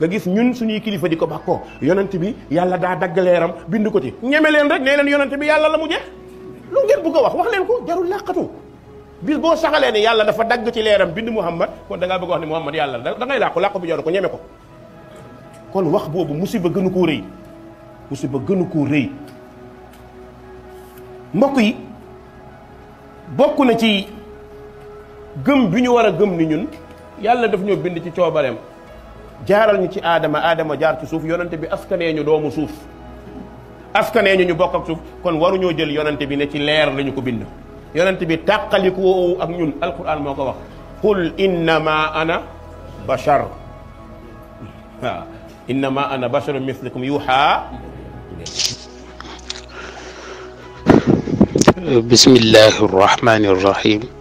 nga gis ñun suñuy kilifa di ko bàkkoo yonent bi yàlla daa dagg leeram bind ko ci ñeme leen rek nee yonent bi yàlla la mu jeex lu ngeen bëgg wax wax leen ko jarul làqatu bis boo saxalee ne yàlla dafa dagg ci leeram bind muhammad kon da ngaa bëgg wax muhammad yàlla da ngay làqu làqu bi jaru ko ñeme ko kon wax boobu musiba gënu koo rëy musiba gënu koo rëy mbokk yi bokk na ci gëm bi ñu gëm ni ñun daf ñoo bind ci coobareem jaaral ñu ci aadama aadama jaar ci suuf yonante bi askanee ñu doomu suuf askanee ñu ñu bokk ak suuf kon waruñoo jël yonante bi ne ci leer lañu ko bind yonante bi tàqaliku ak ñun alquran moo ko wax qul innama ana bashar waaw innama ana bashar mislikum yuha بسم الله الرحمن الرحيم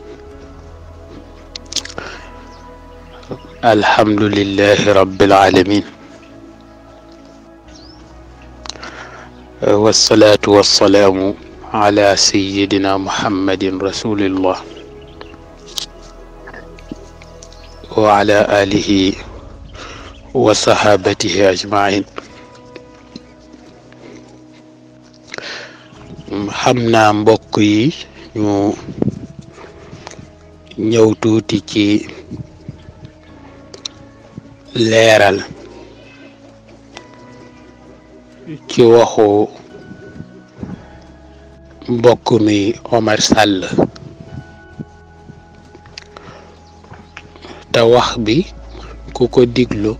الحمد لله رب العالمين والصلاة والسلام على سيدنا محمد رسول الله وعلى آله وصحابته أجمعين حمنا مبقي mbokk نيو توتي leeral ci waxu mbokk mi Omar te wax bi ku ko diglu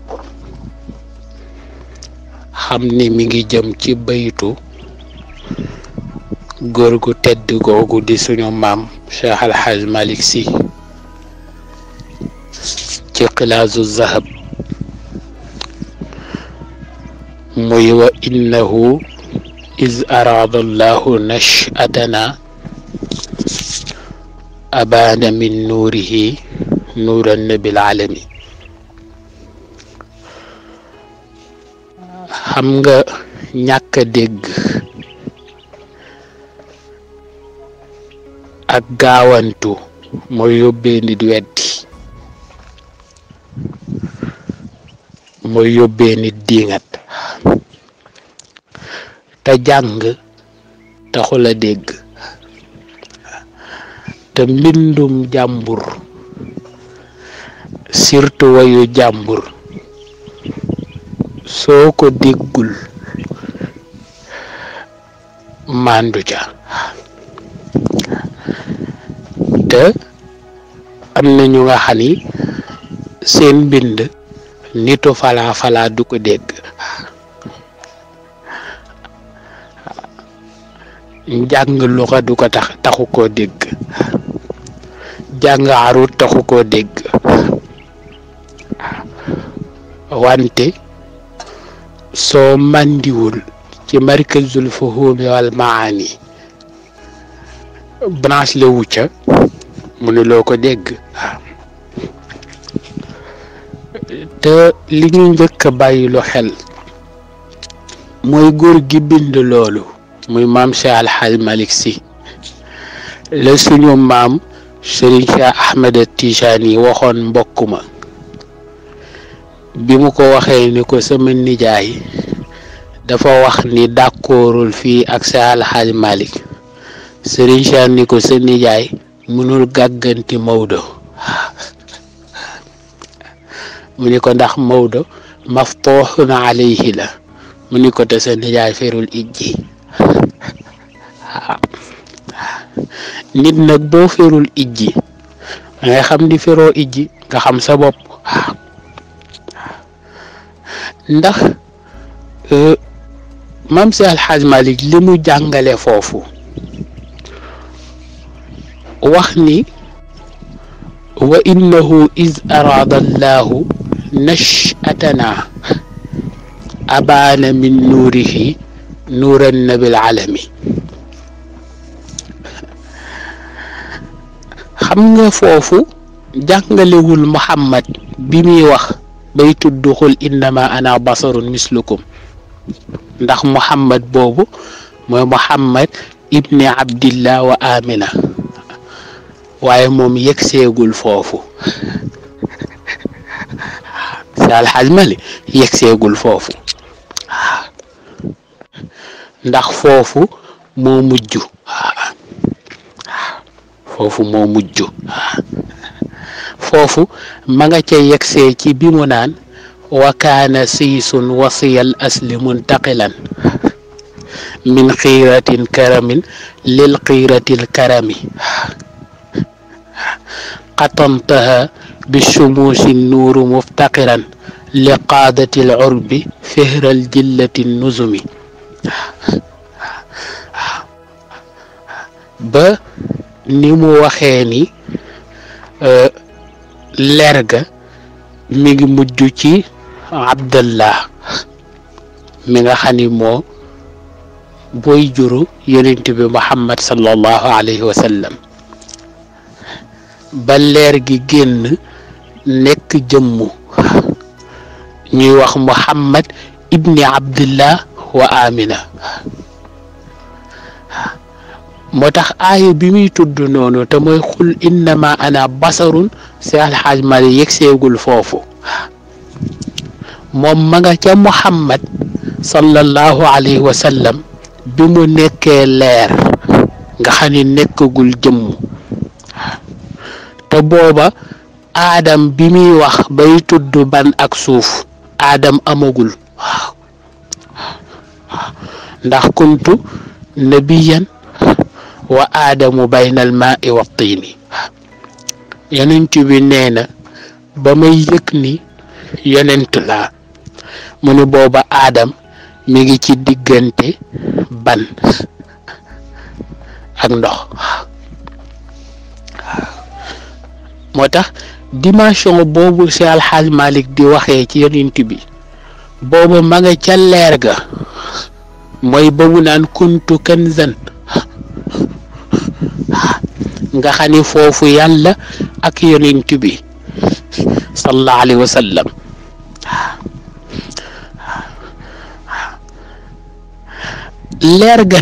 xam ni mi ngi jëm ci baytu góor gu tedd googu di suñu maam Cheikh Alhaj Malick Sy ci xilaasu zahab muy wa innahu iz araada nashatana abaana min nuurihi nuuran nabil alami xam nga ñàkk dégg ak gaawantu mooy yóbbee nit weddi mooy yóbbee nit diingat te jàng taxul a dégg te mbindum jàmbur surtout wayu jàmbur soo ko déggul màndu ca te am na ñu nga seen bind nitu fala fala du ko dégg jàng luxa du ko tax taxu ko dégg jàng arut taxu koo dégg wante soo màndiwul ci markazul fuhumi wal maani branche la wu ca mënuloo ko dégg te li ñu njëkk a bàyyilu xel mooy góor gi bind loolu muy maam Cheikh Al Hadj Malick la suñu maam Serigne Cheikh Ahmed Tijani waxoon mbokk ma bi mu ko waxee ni ko sama nijaay dafa wax ni d'accordul fii ak Cheikh Al Hadj Malick Serigne ni ko sa nijaay mënul gàgganti Maodo mu ni ko ndax Maodo maftuuxun alayhi la mu ni ko te sa nijaay ferul ijji nit nag boo ferul ijji nga xam ni feroo ijji nga xam sa bopp ndax mam si alxaaj li mu jàngale foofu wax ni wa innahu iz araada allahu nashatana abaana min nuurihi nuuran nabil alami xam nga foofu jàngalewul muhammad bi muy wax bay tudd xul innama ana basarun mislukum ndax muhammad boobu mooy muhammad ibni abdillah wa amina waaye moom yegseegul foofu saal xajmali yegseegul foofu ndax foofu moo mujj fofu mo mujju fofu ma nga cey yexse ci bi mo nan wa kana sisun wasiyal asli taqilan min khiratin karamin lil xiiratil karami qatantaha بالشموس النور مفتقرا لقادة العرب فهر الجلة النزم ب ni mu waxee ni euh, leer ga mi ngi mujj ci abdallah mi nga xam ni moo booy juru yonent bi muhammad sallallahu alayhi wa ba leer gi génn nekk jëmmu ñuy wax muhammad ibni abdullah wa amina moo tax aaya bi muy tudd noonu te mooy xul innama ana basarun si alxaaj mali yëg seegul foofu moom ma nga ca muhammad sallallahu alayhi wa sallam bi mu nekkee leer nga xam ne nekkagul jëm te booba aadam bi muy wax bay tudd ban ak suuf aadam amagul ndax kuntu nabiyan wa aadamu baynal maa i wa tiini yonent bi nee na ba may yëg ni yonent laa mu ne booba aadam mi ngi ci diggante ban ak ndox moo tax dimension boobu si alxaaj Malik di waxee ci yonent bi booba ma nga ca leer ga mooy boobu naan kuntu kanzan nga xam fofu yàlla ak yonent bi sallallahu alayhi wa sallam leer ga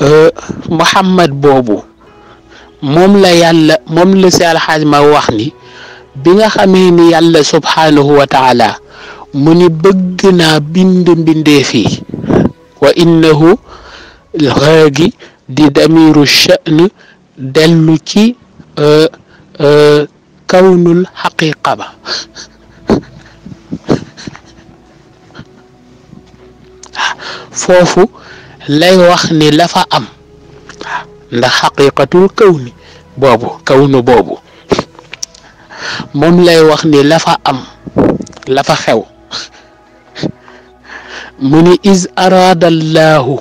euh Muhammad bobu mom la yàlla mom le si alxaaj ma wax ni bi nga xame ni yàlla subhanahu wa taala muni ni bëgg naa bind binde fi wa innahu gi di damiru sha'n dellu ci kawnul xaqiqa ba foofu lay wax ni la fa am ndax xaqiqatul kawni boobu kawnu boobu moom lay wax ni la fa am la fa xew mu ni is araada allahu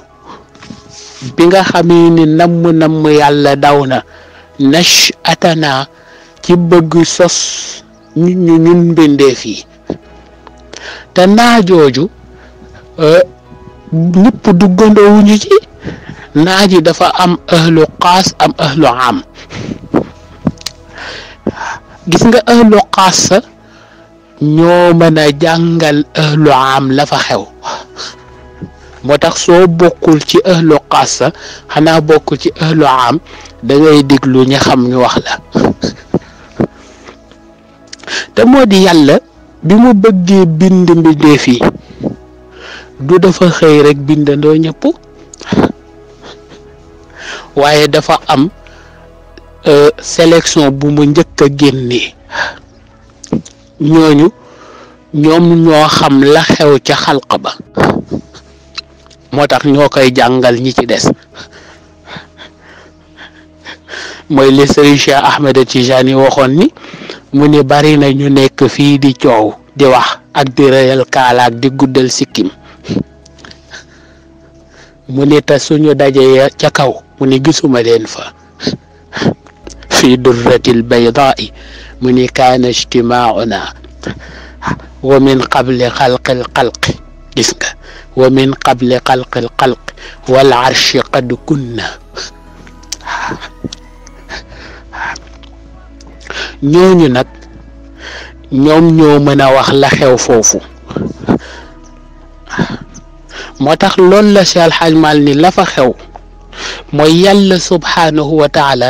bi nga xamee ni namm nam yàlla daw na nash atana ci bëgg sos ñu ñun mbindeef yi te naa jooju euh, ñëpp duggandoowuñu ci naa yi dafa am ahlu xaas am ahlu am gis nga ahlu xaas sa ñoo mën a jàngal ahlu am la fa xew moo tax soo bokkul ci ahlu xaasa xanaa bokkul ci ahlu am da ngay déglu ñi xam ñu wax la te moo di yàlla bi mu bëggee bind mbindeef yi du dafa xëy rek bindandoo ñëpp waaye dafa am e, sélection bu mu njëkk a génnee ñooñu ñoom ñoo xam la xew ca xalq ba moo tax ñoo koy jàngal ñi ci des mooy li Sëriñ Cheikh Ahmed Tijani waxoon ni mu ni bari na ñu nekk fii di coow di wax ak di rëyal kaalaak di guddal sikkim mu ni ta suñu dajee ca kaw mu ni gisuma leen fa fi durratil baydaai mu ni kaana ijtimaauna wa min qabli xalqil xalqi gis nga ومن قبل قلق القلق والعرش قد كنا ñooñu nag ñoom ñoo mën a wax la xew foofu moo tax loolu la si alxaaj maal ni la fa xew mooy yàlla subhaanahu wa taala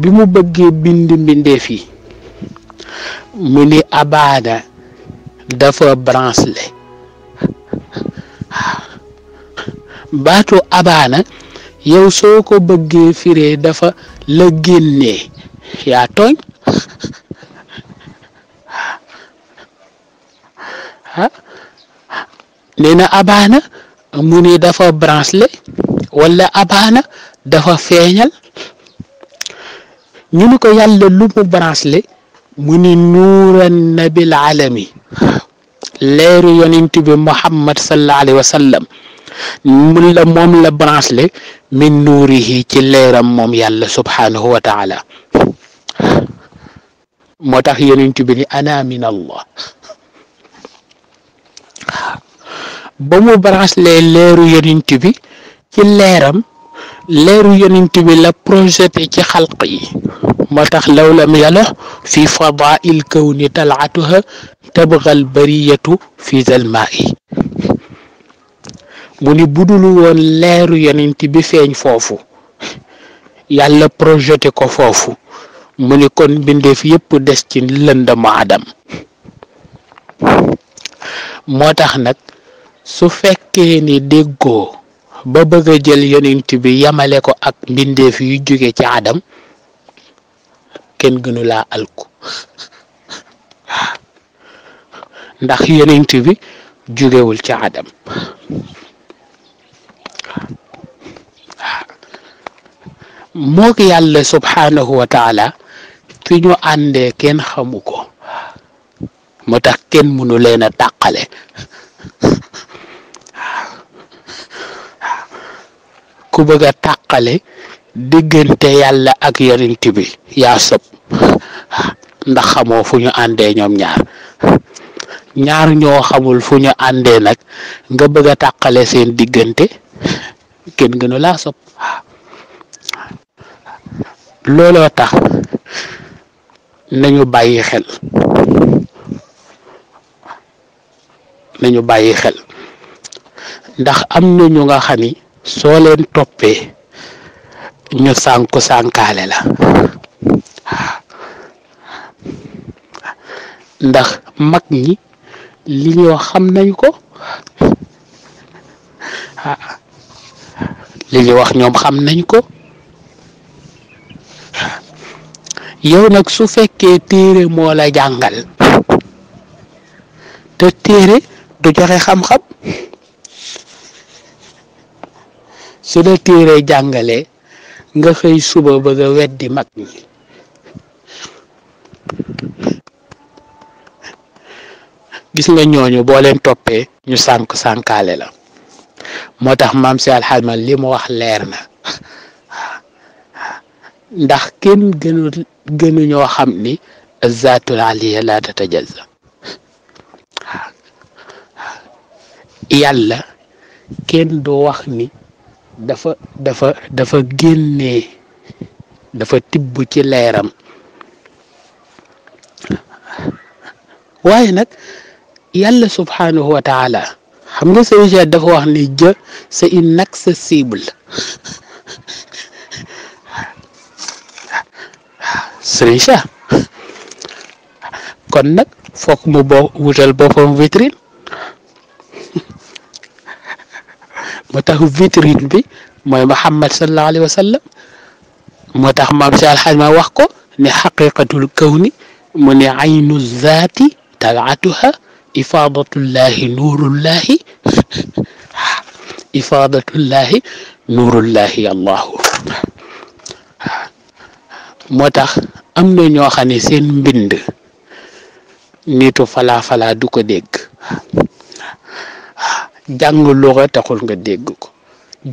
bi mu bëggee bind mbindeef yi mu ni abaana dafa branche baatoo abana yow soko ko firé dafa la génné ya togn ah nee na abaana mu ne dafa branché wala abana dafa feeñal ñu ko yalla lu mu branché mu ne nuuran nabil alami leeru yonent bi muhammad sallallahu alayhi wa sallam mun la moom la branché min nuurihi ci leeram moom yàlla subhaanahu wa taala moo tax yonent bi ni ana min allah ba mu branché leeru yonent bi ci leeram leeru yonent bi la projeté ci xalq yi moo tax law lam yalo fi fadail kawni talaatuha tabgal bariyatu fi zalmaa yi mu ni budul woon leeru yonent bi feeñ foofu yàlla projeté ko foofu mu ni kon mbindeef yépp des ci lëndama adam moo tax nag su fekkee ni déggoo ba bëgg a jël yonent bi yamale ko ak mbindeef yu jóge ci Adam kenn gënu laa alku ndax yonent bi jógewul ci Adam moo ko yàlla subhaanahu wataala fi ñu àndee kenn xamu ko moo tax kenn mënu leen a tàqale ku bëgg a tàqale diggante yàlla ak yonent bi yaa sëb ndax xamoo fu ñu àndee ñoom ñaar ñaar ñoo xamul fu ñu àndee nag nga bëgg a tàqale seen diggante kenn gënu laa sëb looloo tax nañu bàyyi xel nañu bàyyi xel ndax am na ñu nga xam ni soo leen toppee ñu sànku sànkaale la ndax mag ñi liñ wax xam nañ ko li wax ñoom xam nañ ko yow nag su fekkee téere moo la jàngal te téere du joxe xam-xam su la téere jàngale nga xëy suba bëgg a weddi mag ñi gis nga ñooñu boo leen toppee ñu sànk sànkaale la moo tax maam si alxamal li mu wax leer na ndax kenn gënu ñoo xam ni zaatul aliya la tatajaza yàlla kenn du wax ni dafa dafa dafa génnee dafa tibb ci leeram waaye nag yàlla subhaanahu wa taala xam nga sëñ dafa wax ni jë c'est inaccessible sëñ kon nag foog mu bo wutal boppam vitrine moo tax vitrine bi mooy Muhammad sallallahu alayhi wa moo tax maam si alxaj ma wax ko ne xaqiqatul kawni mu ne aynu zaati talaatuha ifaadatullahi nuurullahi ifaadatullahi nuurullahi allahu moo tax am na ñoo ne seen mbind nitu falaa falaa du ko jàng luxa taxul nga dégg ko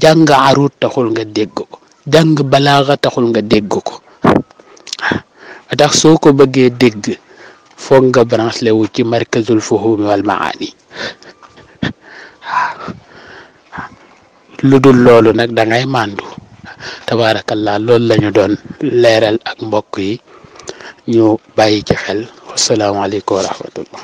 jàng arut taxul nga dégg ko jàng balaaxa taxul nga dégg ko tax soo ko bëggee dégg foog nga branché wu ci markazul fuhumi wal maani lu dul loolu nag dangay ngay màndu tabaarakallaa loolu la ñu doon leeral ak mbokk yi ñu bàyyi ci xel wasalaamaaleykum wa rahmatullah